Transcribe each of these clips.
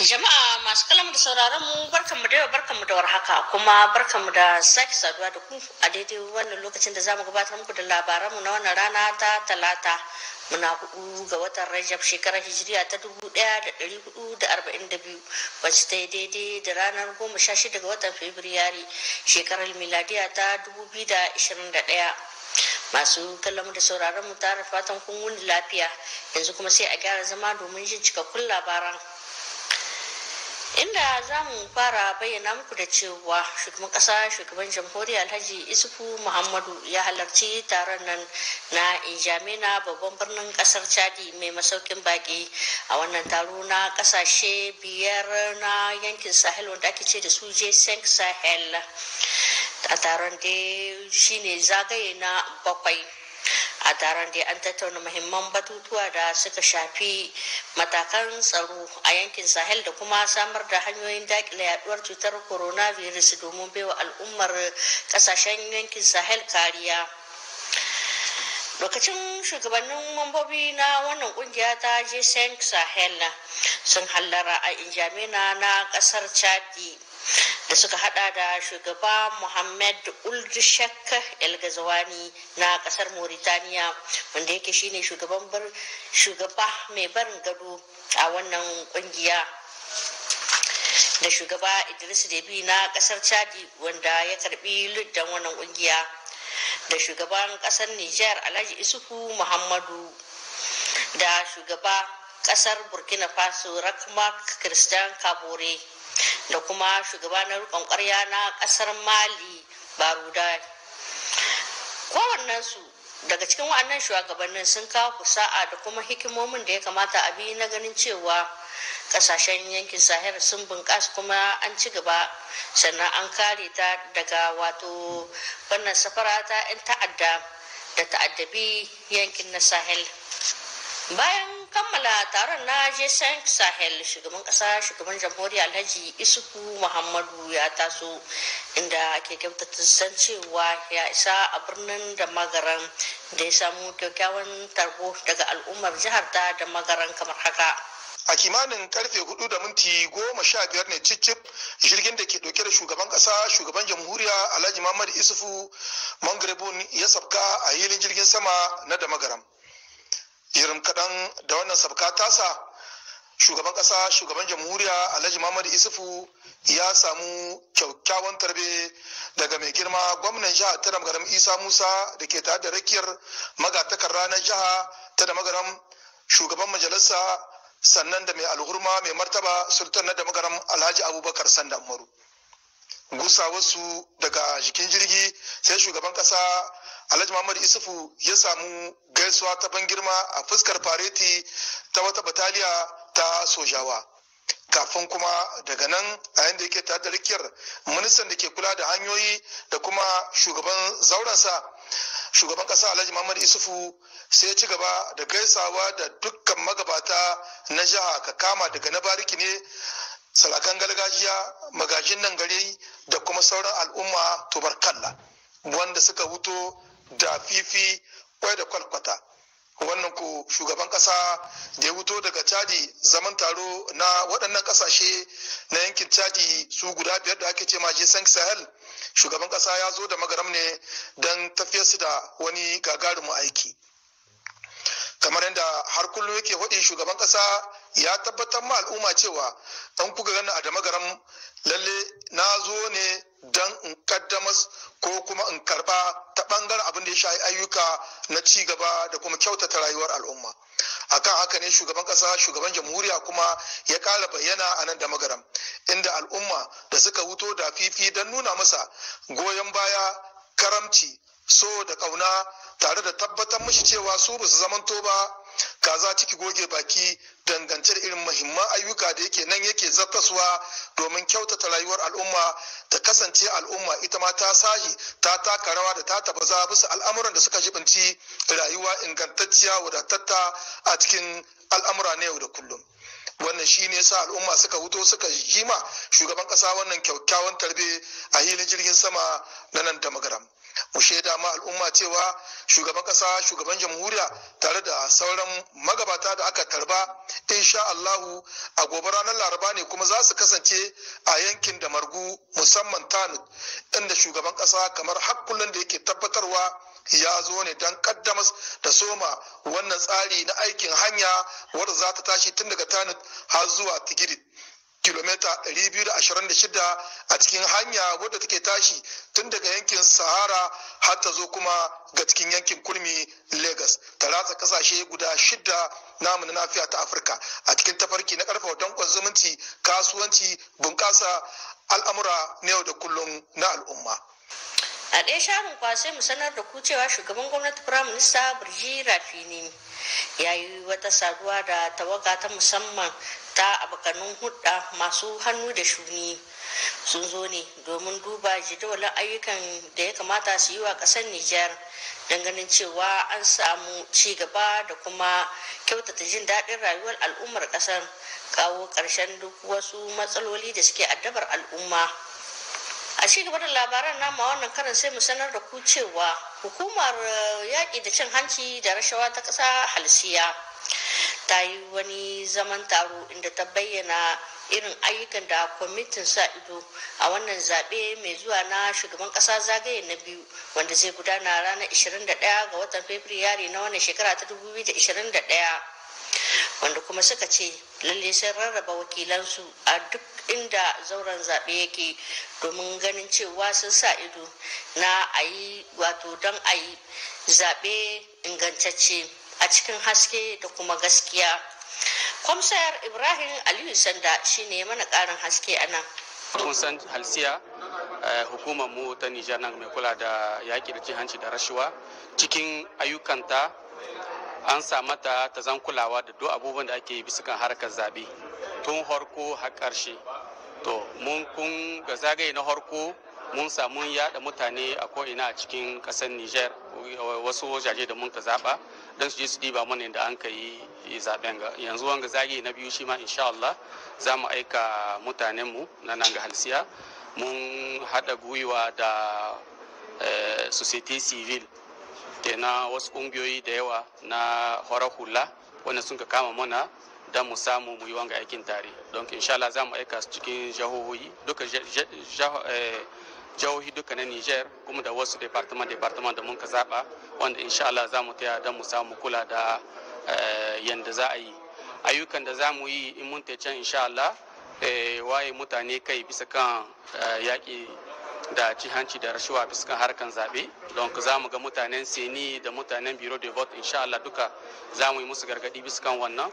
Jama'a masu kalamu da sauraron mu barkanmu da yau barkanmu da warhaka kuma mu da sake saduwa da ku a daidai wannan lokacin da zamu gabatar muku da labaran mu na wannan rana ta talata muna hudu ga watan Rajab shekarar Hijiriya ta dubu daya da dari hudu da arba'in da biyu wacce ta daidai da ranar goma sha shida ga watan Fabrairu shekarar miladiya ta dubu biyu da ashirin da daya. masu kallon da sauraron mu tare fatan kun wuni lafiya yanzu kuma sai a gyara zama domin jin cikakkun labaran inda za mu fara bayyana muku da cewa shugaban kasa shugaban jamhuriya alhaji isufu muhammadu ya halarci taron nan na injamina babban birnin kasar chadi mai masaukin baki a wannan taro na kasashe biyar na yankin sahel wanda ake ce da su je sahel a taron dai shine zagaye na bakwai a taron dai an tattauna muhimman batutuwa da suka shafi matakan tsaro a yankin sahel da kuma samar da hanyoyin dakile yaduwar cutar coronavirus domin baiwa al'ummar kasashen yankin sahel kariya lokacin shugabannin mambobi na wannan kungiya ta g sahel sun hallara a injamina na kasar chadi da suka hada da shugaba Muhammad Uldu Shek na kasar Mauritania wanda yake shine shugaban shugaba mai barin gado a wannan kungiya da shugaba Idris Debi na kasar Chadi wanda ya karbi luddan wannan kungiya da shugaban kasar Nijar Alhaji Isufu Muhammadu da shugaba kasar Burkina Faso Rakmak Christian Kabore da kuma shugaba na rikon kwarya na ƙasar mali baruda kowannensu daga cikin waɗannan shugabannin sun kawo kusa'a da kuma hikimomin da ya kamata a bi na ganin cewa ƙasashen yankin sahel sun bunƙasa kuma an ci gaba sannan an kare ta daga wato wannan safara ta 'yan ta'adda da ta'addabi yankin na sahel bayan kammala taron na jason sahel shugaban kasa shugaban jamhuriya alhaji isuku muhammadu ya taso inda ake kyautata cewa ya isa a birnin da magaran da ya samu kyakkyawan tarbo daga al'ummar jihar ta da magaran kamar haka a kimanin karfe hudu da minti goma sha biyar ne cicip jirgin da ke dauke da shugaban kasa shugaban jamhuriya alhaji muhammadu isufu mangrebon ya sabka a hilin jirgin sama na damagaram jirim kaɗan da wannan sabka tasa shugaban ƙasa shugaban jamhuriya alhaji muhammadu isufu ya samu kyakkyawan tarbe daga mai girma gwamnan jiha ta da isa musa da ke tare da rakiyar magatakar ranar jiha ta magaram shugaban majalisa sannan da mai alhurma mai martaba sultan na magaram alhaji abubakar sanda umaru gusa wasu daga jikin jirgi sai shugaban ƙasa alhaji muhammad isufu ya samu gaisuwa ta ban girma a fuskar fareti ta wata bataliya ta sojawa kafin kuma daga nan a yadda yake ta rikiyar ministan da ke kula da hanyoyi da kuma shugaban zaurensa shugaban ƙasa alhaji muhammad isufu sai ya ci gaba da gaisawa da dukkan magabata na jiha ka kama daga na bariki ne salakan gargajiya magajin nan gari da kuma sauran al'umma tubarkalla wanda suka wuto da fifi kwai da kwalkwata wannan ku shugaban kasa da ya wuto daga cadi zaman taro na waɗannan ƙasashe na yankin cadi su guda biyar da ake ce ma je sahel shugaban kasa ya zo da magaram ne don tafiyar su da wani gagarumin aiki kamar yadda har kullum yake hudi shugaban kasa ya tabbatar ma al'umma cewa an kuka gani a da magaram wanda ya shafi ayyuka na ci gaba da kuma kyautata rayuwar al'umma akan haka ne shugaban kasa shugaban jamhuriya kuma ya kara bayyana a nan da magaram inda al'umma da suka wuto da fifi don nuna masa goyon baya karamci so da kauna tare da tabbatar mishi cewa su ba su zamanto ba kaza ciki goge baki dangance da irin muhimman ayyuka da yake nan yake zartaswa domin kyautata rayuwar al'umma ta kasance al'umma ita ma ta sahi ta taka rawa da ta taba za bisa al'amuran da suka shibinci rayuwa ingantacciya wadatatta a cikin al'amura na yau da kullum wannan shi ne sa al'umma suka huto suka jima shugaban ƙasa wannan kyakkyawan tarbe a hilin jirgin sama na nan da magaram mu shaida ma al'umma cewa shugaban kasa shugaban jamhuriya tare da sauran magabata da aka tarba insha Allahu a gobe ranar laraba ne kuma za su kasance a yankin da margu musamman tanut inda shugaban kasa kamar har kullum da yake tabbatarwa ya zo ne don kaddamas da soma wannan tsari na aikin hanya wadda za ta tashi tun daga tanut har zuwa tigirit kilomita 226 a cikin hanya wadda take tashi tun daga yankin sahara har ta zo kuma ga cikin yankin kurmi lagos ta ratsa kasashe guda shida namu na nafiya ta afirka a cikin tafarki na karfa watan zumunci kasuwanci bunƙasa al'amura na yau da kullum na al'umma a ɗaya shafin kwa mu sanar da ku cewa shugaban gwamnati prime minister birji rafini ya yi wata saduwa da tawaga ta musamman ta abokanin hudda masu hannu da shuni sun zo ne domin duba jadawalin ayyukan da ya kamata su yi wa ƙasar nijar ganin cewa an samu ci gaba da kuma kyautata jin daɗin rayuwar al'ummar ƙasar kawo ƙarshen duk wasu matsaloli da suke addabar al'umma a ci gaba da labaran nama wannan karin sai mu sanar da ku cewa hukumar eh, yaƙi da cin hanci da rashawa ta ƙasa halsiya ta yi wani zaman taro inda ta bayyana irin ayyukan da kwamitin sa ido a wannan zaɓe mai zuwa na shugaban ƙasa zagaye na biyu wanda zai gudana ranar 21 ga watan fabrairu na wannan shekara ta 2021 wanda kuma suka ce lalle sun rarraba wakilansu a duk inda zauren zaɓe yake domin ganin cewa sun sa ido na a yi wato don a yi zaɓe ingantacce a cikin haske da kuma gaskiya kwamsayar ibrahim aliyu sanda shine mana ƙarin haske a nan kun san halsiya eh, hukumar mu ta nijar nan mai kula da yaƙi da cin hanci da rashuwa cikin ayyukanta an sa mata ta zan kulawa da duk abubuwan da ake bisa kan harkar zaɓe tun harko har ƙarshe to mun kun ga zagaye na harko mun samu yaɗa mutane a ko'ina a cikin ƙasar niger wasu wajaje da mun ka zaɓa don su je su diba mana da an ka yi zaɓen ga yanzu wanga zagaye na biyu shi ma insha Allah za mu aika mutanenmu na nan ga halsiya mun haɗa gwiwa da eh, society civil da na wasu ƙungiyoyi da yawa na horar hula wanda sun ka kama mana don mu samu mu yi wanga aikin tare don inshallah za mu aika su cikin jihohi duka jihohi eh, duka na niger kuma da wasu departement departement da mun ka zaba wanda inshallah za mu taya don mu samu kula da eh, yanda za a yi ayyukan da za mu yi in mun can inshallah eh, waye mutane kai bisa kan yaƙi da ci hanci da rashuwa fuskan harkan zaɓe don za mu ga mutanen seni da mutanen biro de vote insha Allah duka za mu yi musu gargaɗi fuskan wannan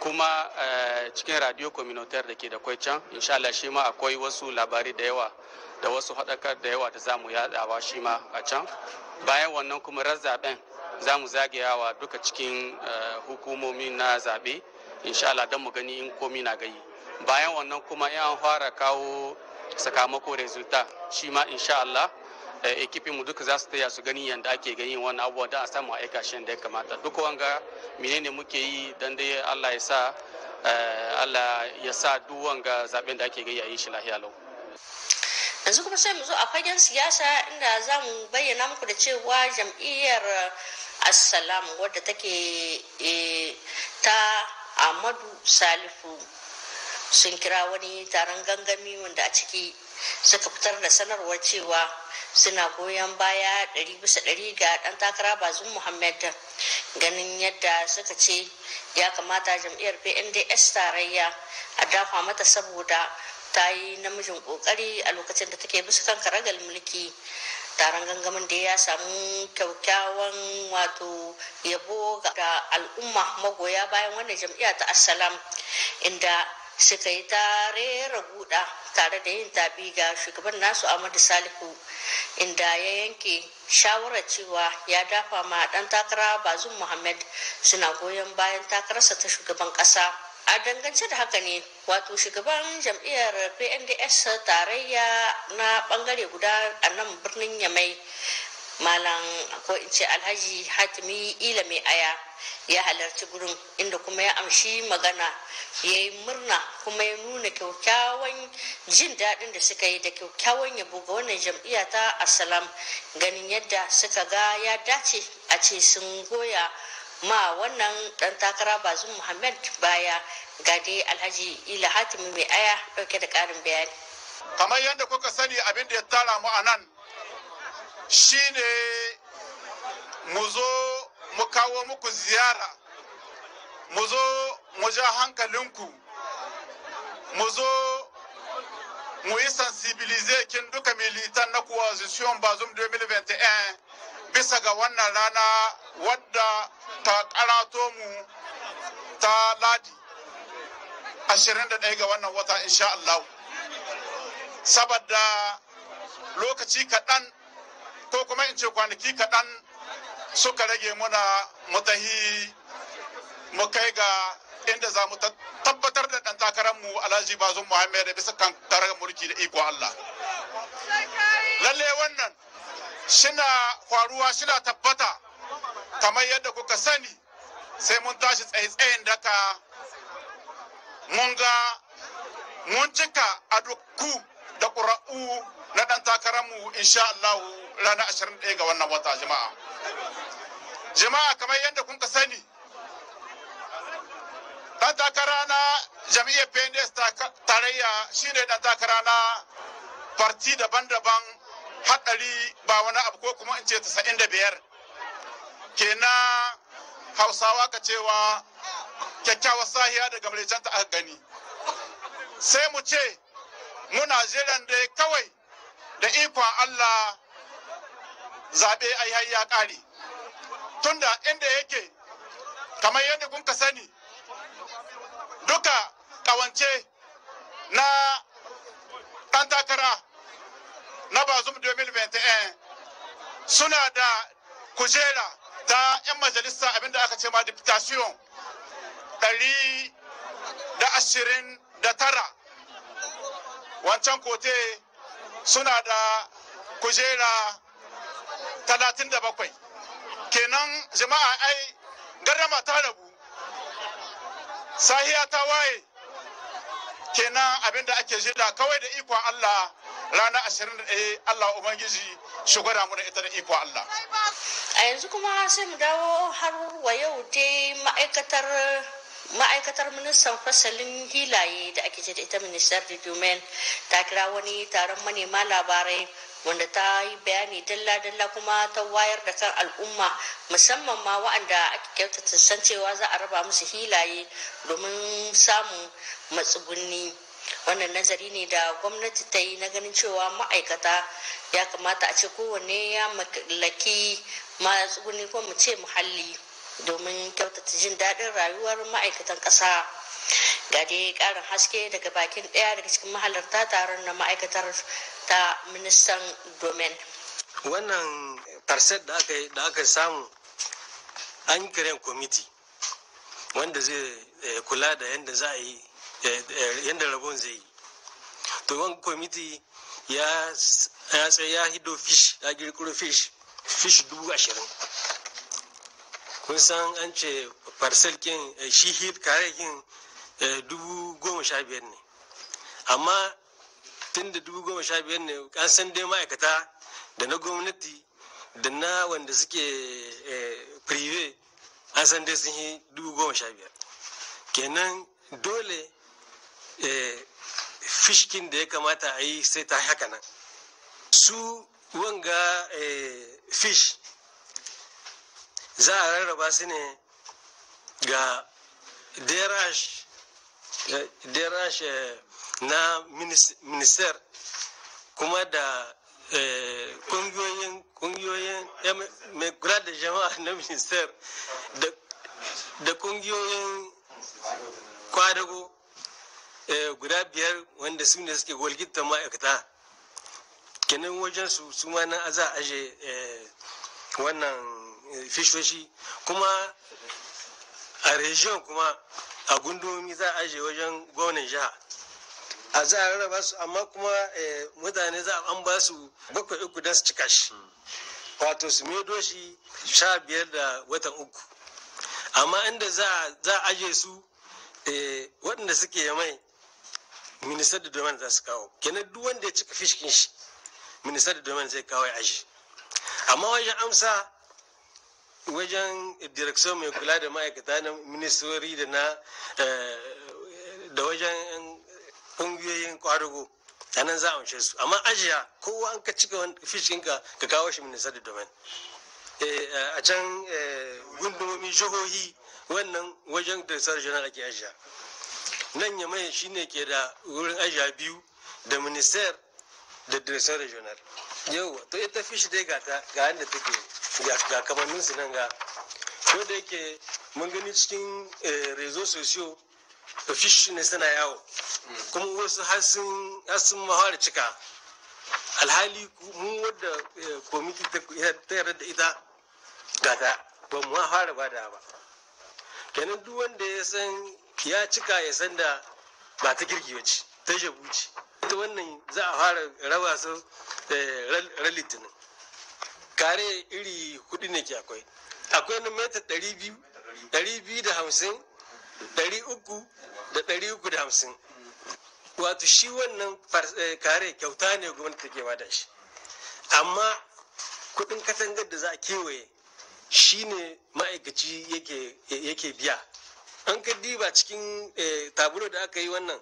kuma eh, cikin radio communautaire da ke da kwai can insha Allah shi ma akwai wasu labarai da yawa da wasu haɗakar da yawa da za mu yaɗawa shi ma a can bayan wannan kuma ran zaɓen za mu zagayawa duka cikin eh, hukumomi na zaɓe insha Allah don mu gani in komi na gayi bayan wannan kuma y'an fara kawo sakamako resulta shi ma insha Allah eh, ekipin duka za su taya su gani yadda ake gani wani abubuwa da a samu aika shi da ya kamata duk wanga menene muke yi don dai Allah ya sa eh, Allah ya sa duk wanga zaben da ake gani a yi shi lahiya lau yanzu kuma sai mu zo a fagen siyasa inda za mu bayyana muku da cewa jam'iyyar assalamu wadda take eh, ta amadu salifu sun kira wani taron gangami wanda a ciki suka fitar da sanarwar cewa suna goyon baya ɗari bisa ɗari ga ɗan takara bazun muhammad ganin yadda suka ce ya kamata jam'iyyar pnds tarayya a dafa mata saboda ta yi namijin ƙoƙari a lokacin da take bisa kan karagal mulki taron gangamin da ya samu kyaukyawan wato yabo ga al'umma magoya bayan wannan jam'iyya ta assalam inda suka yi ta rera tare da yin tabi ga shugaban nasu Ahmadu Salihu inda ya yanke shawarar cewa ya dafa ma ɗan takara Bazum Muhammad suna goyon bayan takararsa ta shugaban ƙasa a dangance da haka ne wato shugaban jam'iyyar pnds tarayya na bangare guda a nan birnin yamai malam ko in ce alhaji hatimi ila mai aya ya halarci gurin inda kuma ya amshi magana ya yi murna kuma ya nuna kyakkyawan jin daɗin da suka yi da kyakkyawan ya buga wannan jam'iyya ta asalam ganin yadda suka ga ya dace a ce sun goya ma wannan ɗan takara bazin muhammad baya ga dai alhaji ila hatimi mai aya ɗauke da ƙarin bayani kamar yadda kuka sani abin da ya tara mu a nan shine mu zo mu kawo muku ziyara mu zo mu ja hankalinku mu zo mu yi sensibilize kin duka militan na coalition bazum 2021 bisa ga wannan rana wadda ta karato mu ta ladi 21 ga wannan wata insha Allah saboda lokaci kaɗan ko kuma in ce kwanaki kaɗan suka rage muna mutahi mu kai ga inda za mu tabbatar da ɗan mu alhaji bazum muhammed da bisa kan tarar mulki da iko allah lalle wannan shina faruwa shina tabbata kamar yadda kuka sani sai mun tashi tsaye-tsayen daka mun ga mun cika a da ƙura'u na ɗan takararmu insha Allah ranar 21 ga wannan wata jama'a. Jama'a kamar yadda kun ka sani, ɗan takara na jam'iyyar PNDS tarayya shine ɗan takara na farti daban-daban haɗari ba wani abu ko kuma in ce 95 kenan hausawa ka cewa kyakkyawar sahiya daga mulcanta aka gani sai mu ce mu najeriya dai kawai da ikon Allah zaɓe ai ya ƙare tunda inda yake kamar yadda kun ka sani duka ƙawance na ɗan takara na bazum 2021 suna da kujera ta 'yan majalisa abinda aka ce ma deputation ɗari da ashirin da tara wancan kote suna da kujera 37 kenan jama'a ai garrama ta rabu sahiya ta waye kenan abinda ake jira kawai da ikon Allah rana 21 Allah Ubangiji shi mu da ita da ikon Allah. A yanzu kuma sai mu dawo har wa yau dai ma'aikatar ma'aikatar ministan fasalin hilaye da ake ce da ita ministar de domain ta kira wani taron manema labarai wanda ta yi bayani dalla-dalla kuma ta wayar da kan al'umma musamman ma wa'anda ake kyautata san cewa za a raba musu hilaye domin samun matsugunni wannan nazari ne da gwamnati ta yi na ganin cewa ma'aikata ya kamata a ce kowanne ya mallaki matsuguni ko mu ce muhalli domin kyautata jin daɗin rayuwar ma'aikatan ƙasa ga dai ƙarin haske daga bakin ɗaya daga cikin mahalarta taron na ma'aikatar ta ministan domin wannan farsed da aka samu an kiran kwamiti wanda zai eh, kula da yadda za a yi eh, eh, yadda rabon zai yi to wani kwamiti ya tsaye ya hido fish ya girkuro fish fish dubu ashirin kun san an ce parcel kin eh, shi hit kayayyakin eh, dubu goma sha biyar ne amma tun da dubu goma sha biyar ne an san dai ma'aikata da na gwamnati da na wanda suke eh, prive an san dai sun yi dubu goma sha biyar kenan dole fishkin da ya kamata a yi sai ta haka nan su wanga fish za a rarraba su ne ga derash eh, eh, na minister kuma da eh, kungiyoyin mai kula da jama'a na minister da kungiyoyin kwadago guda biyar wanda su ne suke walgitta ma'aikata kenan wajen su ma na za a aje wannan Eh, fishoshi kuma a region kuma a gundumomi za a aje wajen gwamnan jiha a za a rarraba su amma kuma eh, mutane za a an ba su bakwai uku don su cika shi wato su maido shi sha biyar da watan uku amma inda za a aje su eh, waɗanda suke mai ministar da domin za su kawo kenan duk wanda ya cika fishkin shi ministar da domin zai kawo ya aji amma wajen amsa wajen direksiyon mai kula da ma'aikata na ministeri da na eh, da wajen kungiyoyin kwadugo a nan za a wance su amma ajiya kowa an ka cika fishinka ka kawo shi minista da domin eh, a can eh, gundumomi jihohi wannan wajen direksar janar ake ajiya nan ya mai shine ke da wurin ajiya biyu da minister da direksar regional. yau to ita fish dai ga ta ga yadda take ga kamannin su nan ga ko da yake mun gani cikin eh, rezo sosiyo fish ne suna yawo kuma wasu har sun mahawar cika alhali mun wadda komiti eh, ta yarda da ita ga ta ba mu fara ba da ba kenan duk wanda ya san ya cika ya san da ba ta girgi ba ta wannan za a fara raba su Eh, ran litinin kare iri hudu ne ke akwai akwai na mita ɗari biyu ɗari biyu da hamsin ɗari uku da ɗari uku da hamsin wato shi wannan eh, kare kyauta ne gwamnati take bada shi amma kudin katangar da za a kewaye shi ne ma'aikaci yake biya an ka diba cikin eh, taburo da aka yi wannan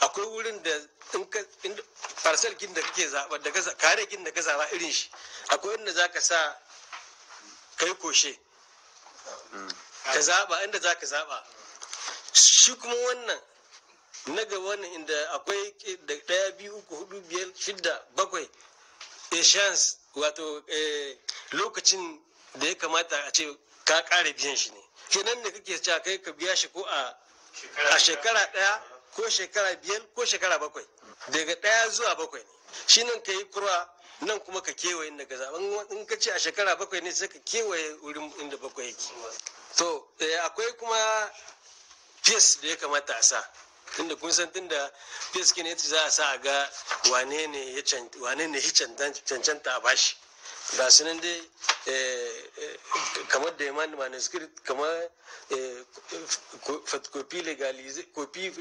akwai wurin da farsal gin da kake zaba da gaza kare kin da gaza ba, irin shi akwai inda zaka sa kai koshe ka zaba inda zaka zaba shi kuma wannan na ga wannan inda akwai da daya biyu uku hudu biyar shidda bakwai a chance wato lokacin da ya kamata a ce ka kare biyan shi ne kenan ne kake cewa kai ka biya shi ko a shekara daya ko shekara biyar ko shekara bakwai daga ɗaya zuwa bakwai ne shi nan ka yi kura nan kuma ka kewaye inda ka zaɓa in ka ce a shekara bakwai ne sai ka kewaye wurin inda bakwai yake to eh, akwai kuma fes da ya kamata a sa tunda kun san tunda fes ne za a sa a ga wane ne ya cancanta a bashi ga su nan dai eh, eh, kamar da yaman manuscript kamar photocopy eh, legalize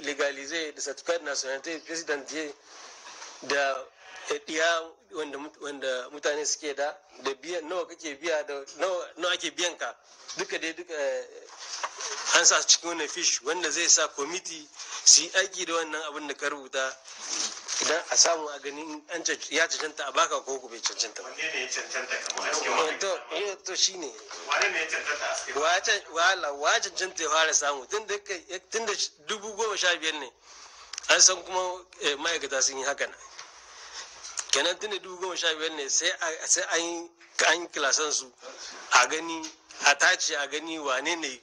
legalize da certificate nationalité president da ɗiya wanda mutane suke da da biyan nawa kake biya da nawa ake biyan ka duka dai duka an sa cikin wannan fish wanda zai sa committee su yi aiki da wannan abin da ka rubuta idan a samu a gani ya cancanta a baka ko bai cancanta ba. ne ya cancanta to eh, shine. ne. Wane ne ya cancanta a Wa cancanta ya fara samu eh, tun da dubu goma sha biyar ne an san kuma eh, ma'aikata sun yi haka na. kenan tun da dubu goma sha biyar ne sai an yi kilasan su a gani a tace a gani wane ne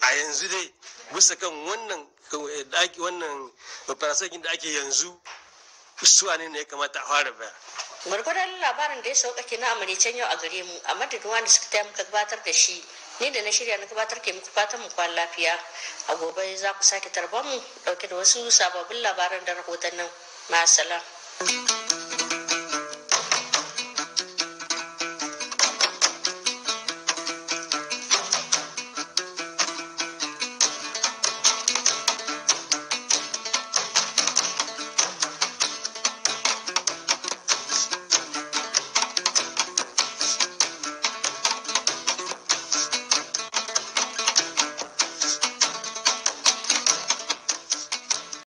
a yanzu dai bisa kan wannan wannan wannan da ake yanzu su ne ya kamata a fara bayar gwargwadon labarin da ya sauka ke na amaricen yau a gare mu a madadin wani suka taya muka gabatar da shi ni da na shirya na gabatar ke muka fatan mu kwan lafiya a gobe za ku sake tarbar mu dauke da wasu sababbin labaran da rahotannin masala.